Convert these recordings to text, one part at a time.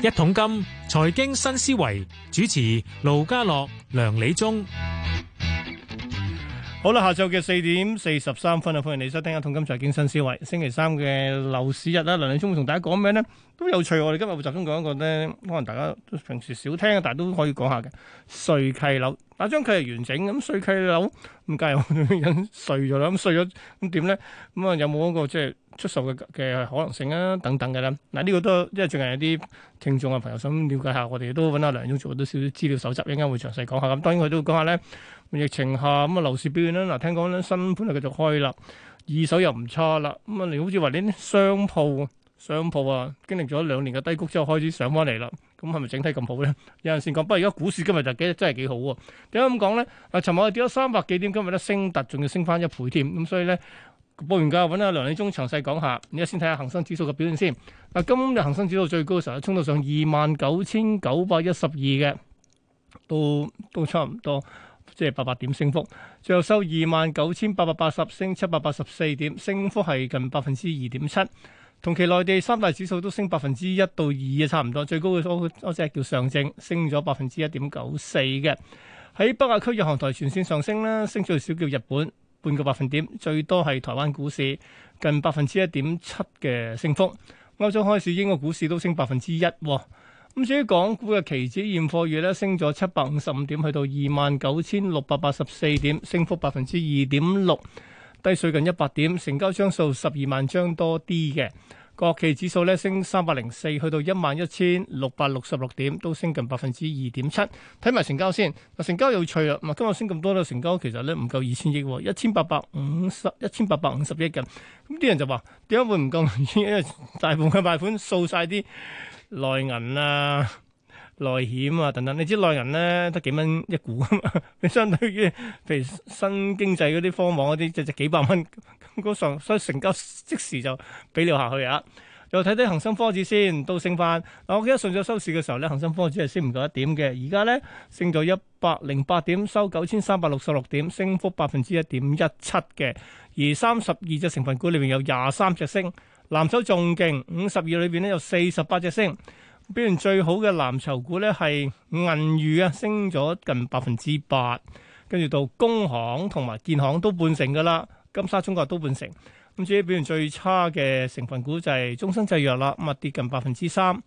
一桶金財經新思維，主持盧家樂、梁理中。好啦，下晝嘅四點四十三分啊，歡迎你收聽一桶金財經新思維。星期三嘅樓市日啦，梁理中會同大家講咩咧？都有趣。我哋今日會集中講一個咧，可能大家平時少聽，但係都可以講下嘅，碎契樓。嗱，將佢係完整咁，碎契樓咁梗係有人碎咗啦，咁碎咗咁點咧？咁啊有冇嗰個即係出售嘅嘅可能性啊？等等嘅咧，嗱呢個都因為最近有啲聽眾啊朋友想了解下，我哋都揾阿梁總做多少少資料蒐集，一陣間會詳細講下。咁當然佢都會講下咧，疫情下咁啊樓市表現咧，嗱聽講咧新盤係繼續開啦，二手又唔差啦，咁啊你好似話啲商鋪商鋪啊經歷咗兩年嘅低谷之後開始上翻嚟啦。咁係咪整體咁好咧？有人先講，不過而家股市今日就幾真係幾好喎。點解咁講咧？啊，尋日我跌咗三百幾點，今日咧升達，仲要升翻一倍添。咁所以咧，報完價揾阿梁理中詳細講下。而家先睇下恒生指數嘅表現先。嗱，今日恒生指數最高嘅時候，衝到上二萬九千九百一十二嘅，都都差唔多，即係八百點升幅。最後收二萬九千八百八十，升七百八十四點，升幅係近百分之二點七。同期內地三大指數都升百分之一到二差唔多，最高嘅嗰隻係叫上證，升咗百分之一點九四嘅。喺北亞區日航台全線上升咧，升最少叫日本半個百分點，最多係台灣股市近百分之一點七嘅升幅。歐洲開市，英國股市都升百分之一。咁至於港股嘅期指現貨月咧，升咗七百五十五點，去到二萬九千六百八十四點，升幅百分之二點六。低水近一百點，成交張數十二萬張多啲嘅。國企指數咧升三百零四，去到一萬一千六百六十六點，都升近百分之二點七。睇埋成交先，嗱，成交有趣啦。咁啊，今日升咁多啦，成交其實咧唔夠二千億，一千八百五十，一千八百五十億嘅。咁啲人就話，點解會唔夠？因為大部分嘅買盤掃晒啲內銀啊。內險啊等等，你知內人咧得幾蚊一股啊嘛？你相對於譬如新經濟嗰啲科網嗰啲，即係幾百蚊咁高上，所以成交即時就俾了下去啊！又睇睇恒生科指先，都升翻嗱，我記得上咗收市嘅時候咧，恒生科指係升唔夠一點嘅，而家咧升咗一百零八點，收九千三百六十六點，升幅百分之一點一七嘅。而三十二隻成分股裏邊有廿三隻升，藍籌仲勁，五十二裏邊咧有四十八隻升。表現最好嘅藍籌股呢，係銀娛啊，升咗近百分之八，跟住到工行同埋建行都半成噶啦，金沙中國都半成。咁至於表現最差嘅成分股就係中生製藥啦，咁啊跌近百分之三。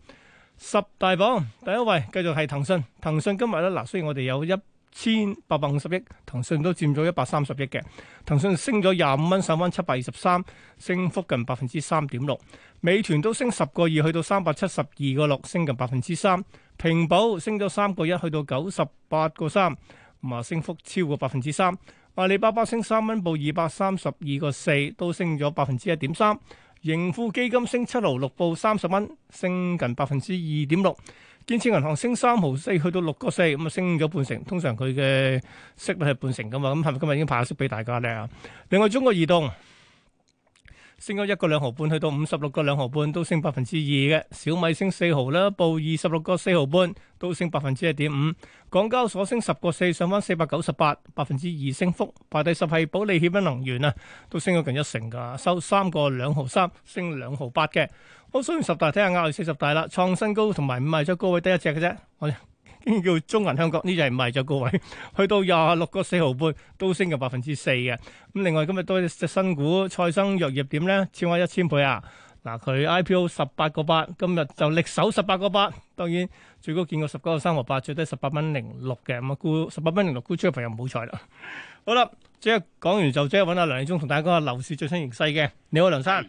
十大榜第一位繼續係騰訊，騰訊今日呢，嗱，雖然我哋有一千八百五十億，騰訊都佔咗一百三十億嘅。騰訊升咗廿五蚊，上翻七百二十三，升幅近百分之三點六。美團都升十個二，去到三百七十二個六，升近百分之三。平保升咗三個一，去到九十八個三，咁升幅超過百分之三。阿里巴巴升三蚊，報二百三十二個四，都升咗百分之一點三。盈富基金升七毫六，報三十蚊，升近百分之二點六。建設銀行升三毫四，去到六個四，咁啊升咗半成。通常佢嘅息率係半成㗎嘛，咁係咪今日已經派息俾大家咧？另外中國移動。升咗一個兩毫半，去到五十六個兩毫半，都升百分之二嘅。小米升四毫啦，報二十六個四毫半，都升百分之一點五。港交所升十個四，上翻，四百九十八，百分之二升幅。排第十係保利協鑫能源啊，都升咗近一成噶，收三個兩毫三，升兩毫八嘅。好，所以十大睇下，壓住四十大啦，創新高同埋五，係最高位得一隻嘅啫。叫中銀香港呢就係唔係就高位，去到廿六個四毫半都升咗百分之四嘅。咁另外今日多隻新股，賽生藥業點咧？超過一千倍啊！嗱，佢 IPO 十八個八，今日就力守十八個八。當然最高見過十九個三毫八，最低十八蚊零六嘅。咁啊沽十八蚊零六沽出嘅朋友唔好彩啦。好啦，即係講完就即係搵阿梁理中同大家講下樓市最新形勢嘅。你好，梁生。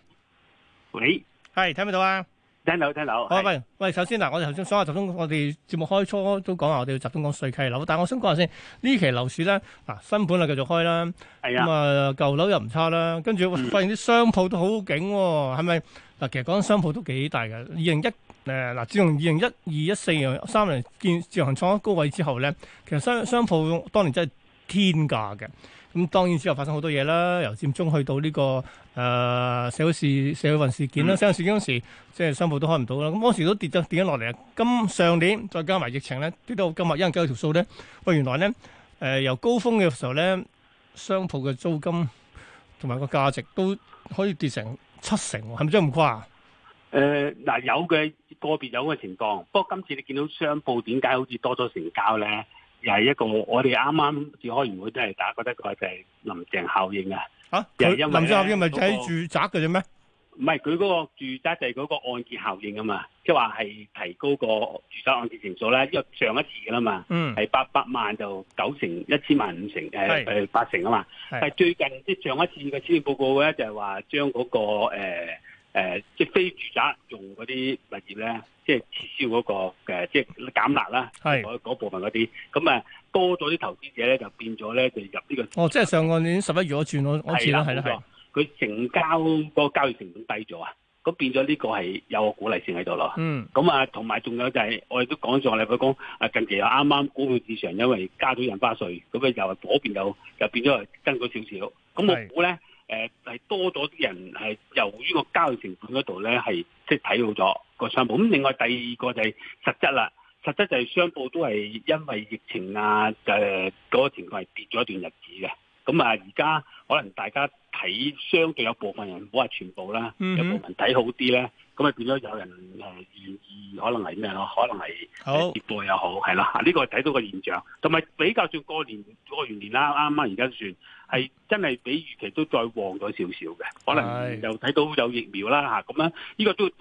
喂。係，聽唔到啊？聽到聽到，好是喂，喂，首先嗱，我頭先所有集中，我哋節目開初都講啊，我哋要集中講碎契樓，但係我想講下先，呢期樓市咧，嗱新盤繼續開啦，係啊，咁啊、嗯、舊樓又唔差啦，跟住發現啲商鋪都好勁喎，係咪嗱？其實講緊商鋪都幾大嘅，二零一誒嗱自從二零一二一四年三年建自行創咗高位之後咧，其實商商鋪當年真係天價嘅。咁當然之後發生好多嘢啦，由佔中去到呢個誒社會事、社會運事件啦。社會事件嗰時，即係商鋪都開唔到啦。咁嗰時都跌咗跌咗落嚟。今上年再加埋疫情咧，跌到今日一人計條數咧。喂，原來咧，誒由高峰嘅時候咧，商鋪嘅租金同埋個價值都可以跌成七成，係咪真係咁誇？誒嗱，有嘅個別有嘅情況。不過今次你見到商鋪點解好似多咗成交咧？又係一個，我哋啱啱至開完會都係打，大家覺得佢就係林鄭效應啊！嚇，林鄭效應咪喺住宅嘅啫咩？唔係，佢嗰個住宅就係嗰個按揭效應啊嘛，即係話係提高個住宅按揭成數呢。因為上一次嘅啦嘛，嗯，係八百萬就九成，一千萬五成，誒誒是、呃、八成啊嘛，的但最近即、就是、上一次嘅資料報告咧，就係話將嗰個、呃誒、呃，即係非住宅用嗰啲物業咧，即係撤銷嗰個誒、呃，即係減辣啦，係嗰是部分嗰啲，咁、嗯、啊多咗啲投資者咧，就變咗咧就入呢、這個哦，即係上個年十一月我轉我我次啦，係啦係佢成交嗰、那個交易成本低咗啊，咁變咗呢個係有個鼓勵性喺度咯，嗯，咁啊同埋仲有就係我哋都講咗啦，佢講啊近期又啱啱股票市場因為加咗印花稅，咁佢又嗰邊又又變咗係增咗少少，咁我估咧。誒係多咗啲人係，由於個交易成本嗰度咧係即係睇好咗個商鋪。咁另外第二個就係實質啦，實質就係商鋪都係因為疫情啊誒嗰個情況係跌咗一段日子嘅。咁啊，而家可能大家睇相對有部分人，唔好話全部啦，有部分睇好啲啦。咁啊，就變咗有人誒，願意可能係咩咯？可能係直播又好，係啦，呢個睇到個現象，同埋比較算過年過完年啦，啱啱而家算係真係比預期都再旺咗少少嘅，可能又睇到有疫苗啦吓，咁呢個都誒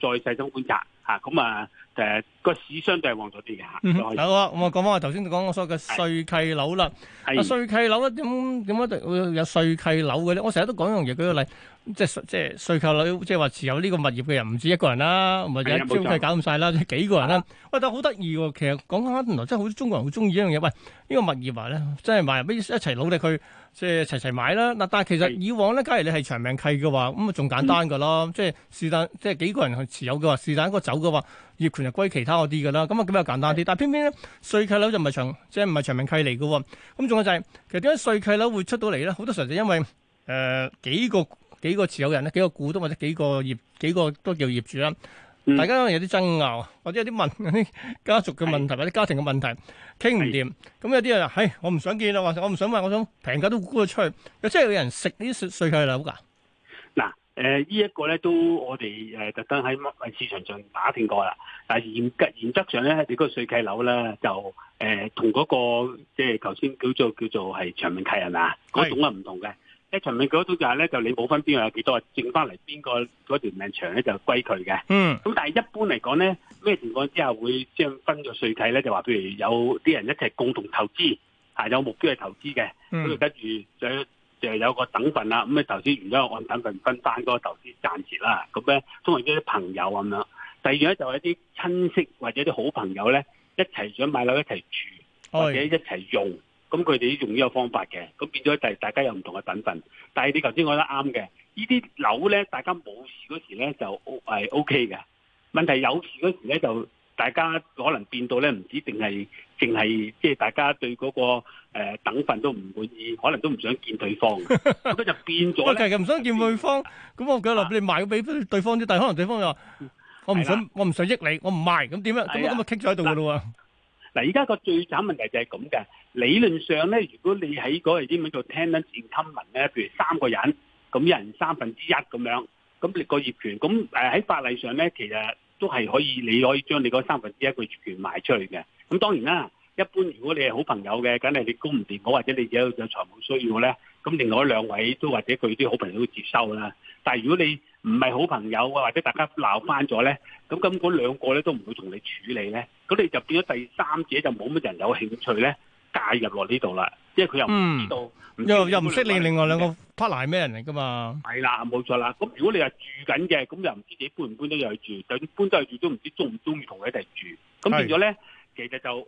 再細心觀察吓，咁啊。誒個市商都係旺咗啲嘅嚇。嗱，好啦，我講翻我頭先講我所謂嘅碎契樓啦。係碎契樓咧，點點解會有碎契樓嘅咧？我成日都講一樣嘢，舉個例，即係即係碎契樓，即係話持有呢個物業嘅人唔止一個人啦，或者招介搞咁晒啦，即係幾個人啦。喂的、哎，但好得意喎，其實講原來真係好多中國人好中意一樣嘢。喂、哎，呢、這個物業話、啊、咧，真係埋入邊一齊努力去即係齊齊買啦。嗱，但係其實以往咧，是假如你係長命契嘅話，咁啊仲簡單噶咯、嗯，即係是但即係幾個人去持有嘅話，是但、嗯、一個走嘅話。業權就歸其他嗰啲㗎啦，咁啊咁又簡單啲。但係偏偏咧，碎契樓就唔係長，即係唔係長命契嚟㗎喎。咁仲有就係、是，其實點解碎契樓會出到嚟咧？好多時候就因為誒、呃、幾個幾個持有人咧，幾個股東或者幾個業幾個都叫業主啦，大家可能有啲爭拗，或者有啲問有些家族嘅問題或者家庭嘅問題傾唔掂，咁有啲人話：嘿、哎，我唔想見啊，或者我唔想賣，我想平價都沽咗出去。又真係有人食呢啲碎契樓㗎？誒，呃這個、呢一個咧都我哋誒、呃、特登喺誒市場上打聽過啦。但係原原則上咧，你、那、嗰個碎契樓咧就誒同嗰個即係頭先叫做叫做係長命契係嘛？嗰種係唔同嘅。即係長命嗰種就係、是、咧，就你冇分邊個有幾多，剩翻嚟邊個嗰條命長咧就歸佢嘅。嗯。咁但係一般嚟講咧，咩情況之下會即係分咗碎契咧？就話譬如有啲人一齊共同投資，吓、啊、有目標去投資嘅。嗯。咁跟住就。就係有個等份啦，咁你頭先，如果按等份分返嗰個投資，賺錢啦，咁咧通常有啲朋友咁樣。第二咧就係一啲親戚或者啲好朋友咧一齊想買樓一齊住或者一齊用，咁佢哋用呢個方法嘅，咁變咗就係大家有唔同嘅等份。但係你頭先講得啱嘅，呢啲樓咧大家冇事嗰時咧就係 OK 嘅，問題有事嗰時咧就。大家可能變到咧，唔知定係淨係，即係大家對嗰個誒等份都唔滿意，可能都唔想見對方，咁就變咗咧。喂，其實唔想見對方，咁我舉例，你賣俾對方啲，但係可能對方又話我唔想，我唔想益你，我唔賣，咁點樣？咁咁咪傾咗喺度咯喎。嗱，而家個最慘問題就係咁嘅，理論上咧，如果你喺嗰個啲咩叫 tenancy in common 咧，譬如三個人，咁一人三分之一咁樣，咁你個業權，咁誒喺法例上咧，其實。都係可以，你可以將你嗰三分之一個權賣出去嘅。咁當然啦，一般如果你係好朋友嘅，梗係你供唔掂我，或者你有有財務需要咧，咁另外兩位都或者佢啲好朋友都接收啦。但係如果你唔係好朋友啊，或者大家鬧翻咗咧，咁咁嗰兩個咧都唔會同你處理咧，咁你就變咗第三者就冇乜人有興趣咧。介入落呢度啦，即係佢又唔知道，又又唔識你另外兩個 partner 係咩人嚟噶嘛？係啦，冇錯啦。咁如果你係住緊嘅，咁又唔知自己搬唔搬得入去住，等搬得去住都唔知中唔中意同佢一齊住。咁變咗咧，是其實就誒冇、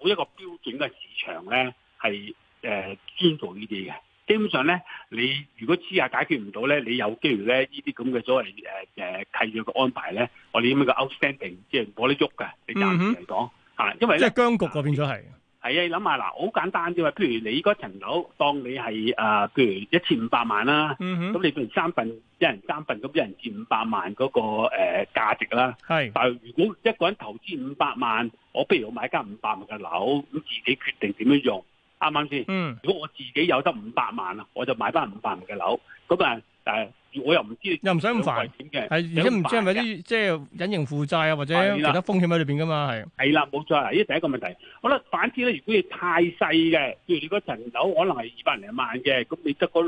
呃、一個標準嘅市場咧，係誒專做呢啲嘅。基本上咧，你如果知下解決唔到咧，你有機會咧，呢啲咁嘅所謂誒誒、呃、契約嘅安排咧，我哋咁、嗯、嘅哼 outstanding，即係冇得喐嘅，暫時嚟講嚇。因為即係僵局嗰邊咗係。係啊，諗下嗱，好簡單啫喎。譬如你嗰層樓，當你係啊、呃，譬如一千五百萬啦，咁、嗯、哼你譬如三份，一人三份，咁一人佔五百萬嗰、嗰個誒價、呃、值啦。是的 但係如果一個人投資五百萬，我不如我買間五百萬嘅樓，咁自己決定點樣用，啱啱先？嗯，如果我自己有得五百萬啊，我就買翻五百萬嘅樓，那個人但係我又唔知道，你，又唔使咁煩。危險嘅，係而且唔知係咪啲即係隱形負債啊，的或者其他風險喺裏邊噶嘛？係係啦，冇錯啊！呢第一個問題，好啦，反之咧，如果你太細嘅，譬如你嗰層樓可能係二百零萬嘅，咁你得個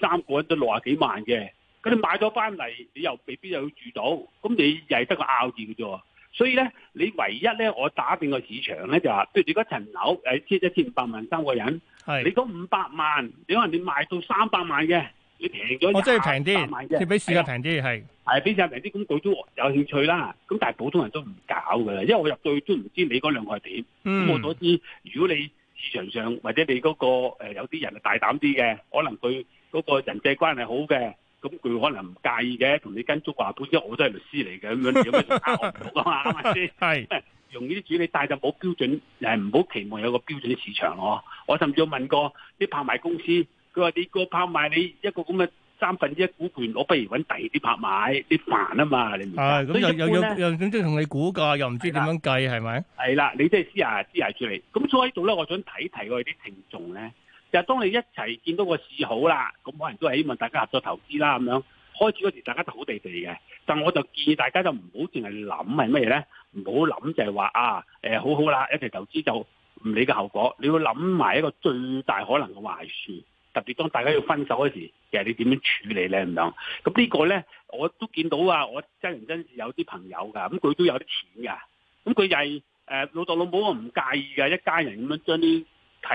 三個人都六啊幾萬嘅，咁你買咗翻嚟，你又未必又要住到，咁你又係得個拗字嘅啫喎。所以咧，你唯一咧，我打定個市場咧就係、是、譬如你嗰層樓誒，貼一千五百萬三個人，係的你講五百萬，你可能你賣到三百萬嘅。你平咗、哦，我真係平啲，你比市價平啲係，係比市價平啲，咁佢、哎、呀是都有興趣啦。咁但係普通人都唔搞㗎啦，因為我入對都唔知你嗰兩個係點。咁、嗯、我所知，如果你市場上或者你嗰、那個、呃、有啲人係大膽啲嘅，可能佢嗰個人際關係好嘅，咁佢可能唔介意嘅，同你跟足話。本身我都係律師嚟嘅，咁樣有咩搞唔到啊？嘛啱先？係用呢啲主理，你帶就冇標準，誒唔好期望有個標準市場咯。我甚至要問過啲拍賣公司。佢話：你個拍賣，你一個咁嘅三分之一股權，我不如揾第二啲拍賣，啲煩啊嘛。你明白？咁、啊嗯、又又又咁即同你估價又唔知點樣計係咪？係啦了吧，你即係支牙支牙住嚟。咁、嗯、所以度咧，我想提提我哋啲聽眾咧。就係、是、當你一齊見到個市好啦，咁可能都係希望大家合作投資啦。咁樣開始嗰時，大家都好地地嘅。但我就建議大家就唔好淨係諗係乜嘢咧，唔好諗就係話啊誒、欸、好好啦，一齊投資就唔理個後果。你要諗埋一個最大可能嘅壞處。特別當大家要分手嗰時，其實你點樣處理咧咁樣？咁呢個咧，我都見到啊！我真人真事有啲朋友㗎，咁佢都有啲錢㗎，咁、嗯、佢就係、是、誒、呃、老豆老母我唔介意㗎，一家人咁樣將啲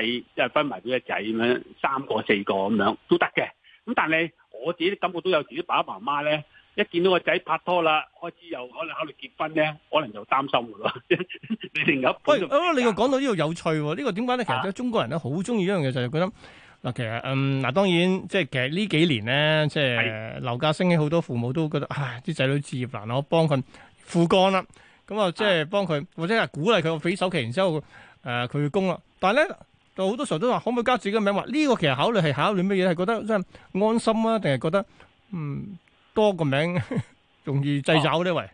契即係分埋俾個仔咁樣，三個四個咁樣都得嘅。咁、嗯、但係我自己感覺都有自己爸爸媽媽咧，一見到個仔拍拖啦，開始又可能考慮結婚咧，可能就擔心嘅咯。 你成日喂，你又講到呢個有趣喎？呢個點解咧？其實中國人咧好中意一樣嘢，就係覺得……嗱、嗯，其實嗯，嗱當然即係其實呢幾年咧，即係樓價升起，好多父母都覺得，唉，啲仔女置業難，我幫佢副幹啦，咁啊即係幫佢，或者係鼓勵佢攪首期，然之後誒佢去供啦。但係咧，好多時候都話，可唔可以加自己嘅名？話呢個其實考慮係考慮乜嘢？係覺得真係安心啊，定係覺得嗯多個名呵呵容易掣肘呢？喂、啊，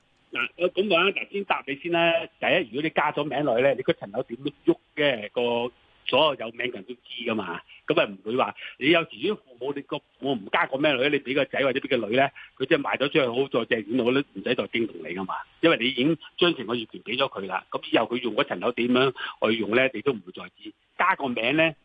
嗱，咁講頭先答你先啦。第一，如果你加咗名落去咧，你個層樓點都喐嘅，個所有有名人都知噶嘛。咁啊唔會話，你有時啲父母你個我唔加個咩女，你俾個仔或者俾個女咧，佢即係賣咗出去好再借錢度，我都唔使再驚動你噶嘛，因為你已經將成個業權俾咗佢啦。咁以後佢用嗰層樓點樣去用咧，你都唔會再知。加個名咧，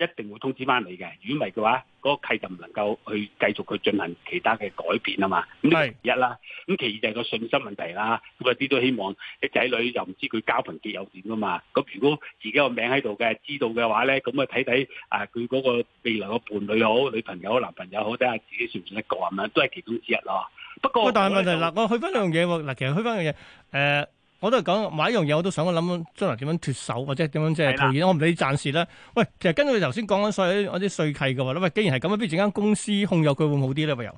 一定會通知翻你嘅，如果唔係嘅話，嗰、嗰個契就唔能夠去繼續去進行其他嘅改變啊嘛。咁係一啦，咁其二就係個信心問題啦。咁有啲都希望啲仔女又唔知佢交朋結友點㗎嘛。咁如果自己個名喺度嘅，知道嘅話咧，咁啊睇睇啊佢嗰個未來個伴侶好，女朋友好，男朋友好，睇下自己算唔算得個咁嘛，都係其中之一咯。不過，但係問題嗱，我去翻兩樣嘢喎。嗱，其實去翻兩樣嘢，誒、呃。我都係講買一樣嘢，我都想諗將來點樣脫手，或者點樣即係套現。的我唔理你暫時咧。喂，其實根據你頭先講緊所有啲碎契嘅話，咁喂，既然係咁，不如整間公司控有佢會好啲咧？咪又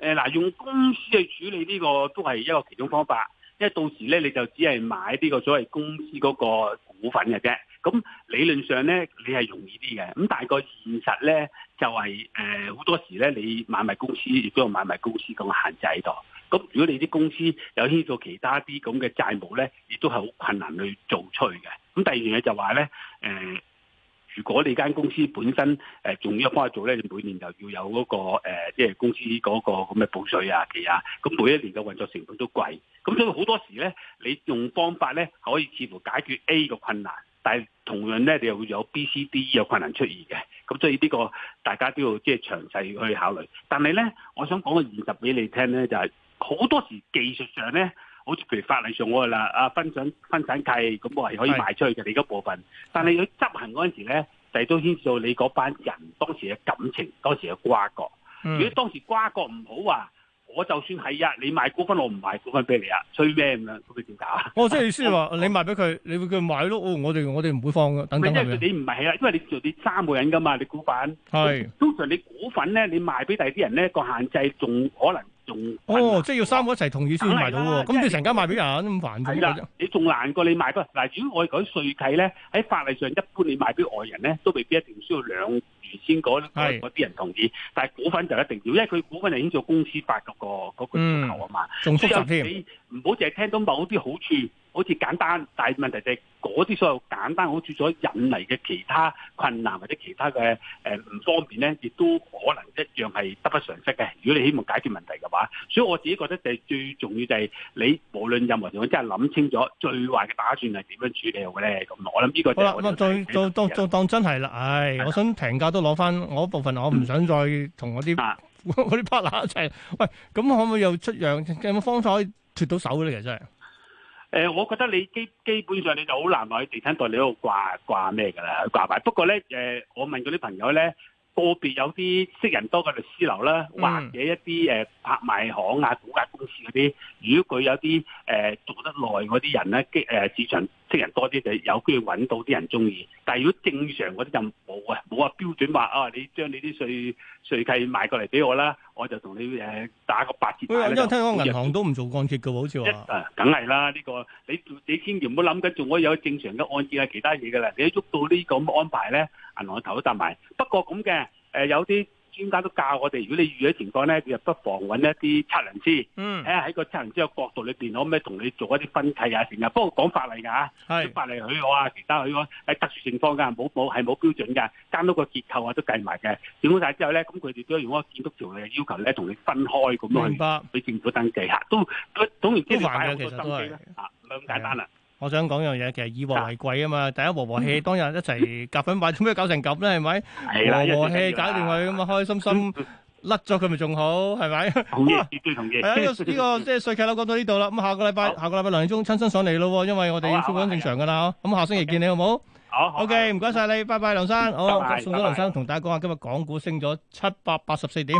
誒，嗱，用公司去處理呢個都係一個其中方法，因為到時咧你就只係買呢個所謂公司嗰個股份嘅啫。咁理論上咧你係容易啲嘅，咁但係個現實咧就係誒好多時咧你買埋公司亦都買埋公司咁限制喺度。咁如果你啲公司有牽涉其他啲咁嘅債務咧，亦都係好困難去做出去嘅。咁第二樣嘢就話咧，誒、呃，如果你間公司本身誒仲要個方法做咧，你每年就要有嗰、那個即係、呃就是、公司嗰個咁嘅補稅啊嘅啊，咁每一年嘅運作成本都貴。咁所以好多時咧，你用方法咧，可以似乎解決 A 個困難，但係同樣咧，你又會有 B、C、D、E 困難出現嘅。咁所以呢個大家都要即係詳細去考慮。但係咧，我想講個現實俾你聽咧，就係、是。好多時，技術上咧，好似譬如法例上我啦，啊分享分產契，咁我係可以賣出去嘅你嗰部分。但係佢執行嗰陣時咧，就係都牽涉到你嗰班人當時嘅感情，當時嘅瓜葛。嗯、如果當時瓜葛唔好啊，我就算係啊、哦， 你賣股份我唔賣股份俾你啊，吹咩咁樣，咁佢點打？我即係意思話，你賣俾佢，你會叫佢買咯。哦，我哋我哋唔會放㗎。等是等你即你唔係啊，因為你做你三個人噶嘛，你股份係是通常你股份咧，你賣俾第二啲人咧，個限制仲可能。哦，即係要三個一齊同意先賣到喎，咁你成間賣俾人咁、就是、煩嘅啫。你仲難過你賣嗰，嗱，如果我哋講碎契咧，喺法例上一般你賣俾外人咧，都未必一定需要兩原先嗰啲是人同意，但係股份就一定要，因為佢股份就已經做公司法嗰、那個嗰、那個要求啊嘛，仲、嗯、複雜添。唔好淨係聽到某啲好處，好似簡單，但係問題就係嗰啲所有簡單好處，所引嚟嘅其他困難或者其他嘅誒唔方便咧，亦都可能一樣係得不償失嘅。如果你希望解決問題嘅話，所以我自己覺得就係最重要就係你無論任何嘢，真係諗清楚最壞嘅打算係點樣處理好嘅咧。咁我諗呢個就好啦，當當當當當真係啦，唉、哎，的我想平價都攞翻我部分，的我唔想再同嗰啲嗰啲 partner 一齊。喂，咁可唔可以又出讓有冇方彩？跌到手咧，其實，誒、呃，我覺得你基基本上你就好難話喺地產代理度掛掛咩噶啦，掛牌。不過咧，誒、呃，我問嗰啲朋友咧，個別有啲識人多嘅律師樓啦，或者一啲誒、呃、拍賣行啊、估價公司嗰啲，如果佢有啲誒、呃、做得耐嗰啲人咧，激誒諮詢。呃啲人多啲就有機會揾到啲人中意，但係如果正常嗰啲就冇啊，冇啊標準話啊，你將你啲稅稅契賣過嚟俾我啦，我就同你誒打個八折。嗯、就因為聽講銀行都唔做按揭嘅喎，好似話，誒梗係啦，呢、這個你你千祈唔好諗緊，仲可以有正常嘅按揭其他嘢嘅啦，你一喐到呢個咁安排咧，銀行個頭都搭埋。不過咁嘅誒有啲。專家都教我哋，如果你遇到情況咧，就不妨揾一啲測量師，睇下喺個測量師嘅角度裏邊可唔可以同你做一啲分契啊，成日不過講法例㗎，是法例許可啊，其他許可，喺特殊情況㗎，冇冇係冇標準㗎，監督個結構啊都計埋嘅，整好晒之後咧，咁佢哋都要用個建築條例要求咧，同你分開咁樣，俾白政府登記嚇，都總總言之，就擺喺個心機啦，咁簡單啦。我想講樣嘢，其實以和為貴啊嘛。第一和和氣氣當日一齊夾份買，做咩搞成咁咧？係咪和和氣搞掂佢咁啊？開開心心甩咗佢咪仲好係咪？好嘢，絕對同意。係啊，呢個即係碎契佬講到呢度啦。咁下個禮拜，下個禮拜兩點鐘親身上嚟咯，因為我哋要復港正常噶啦。咁下星期見你好唔好？好 OK，唔該晒你，拜拜，梁生。好，送咗梁生同大家講下，今日港股升咗七百八十四點。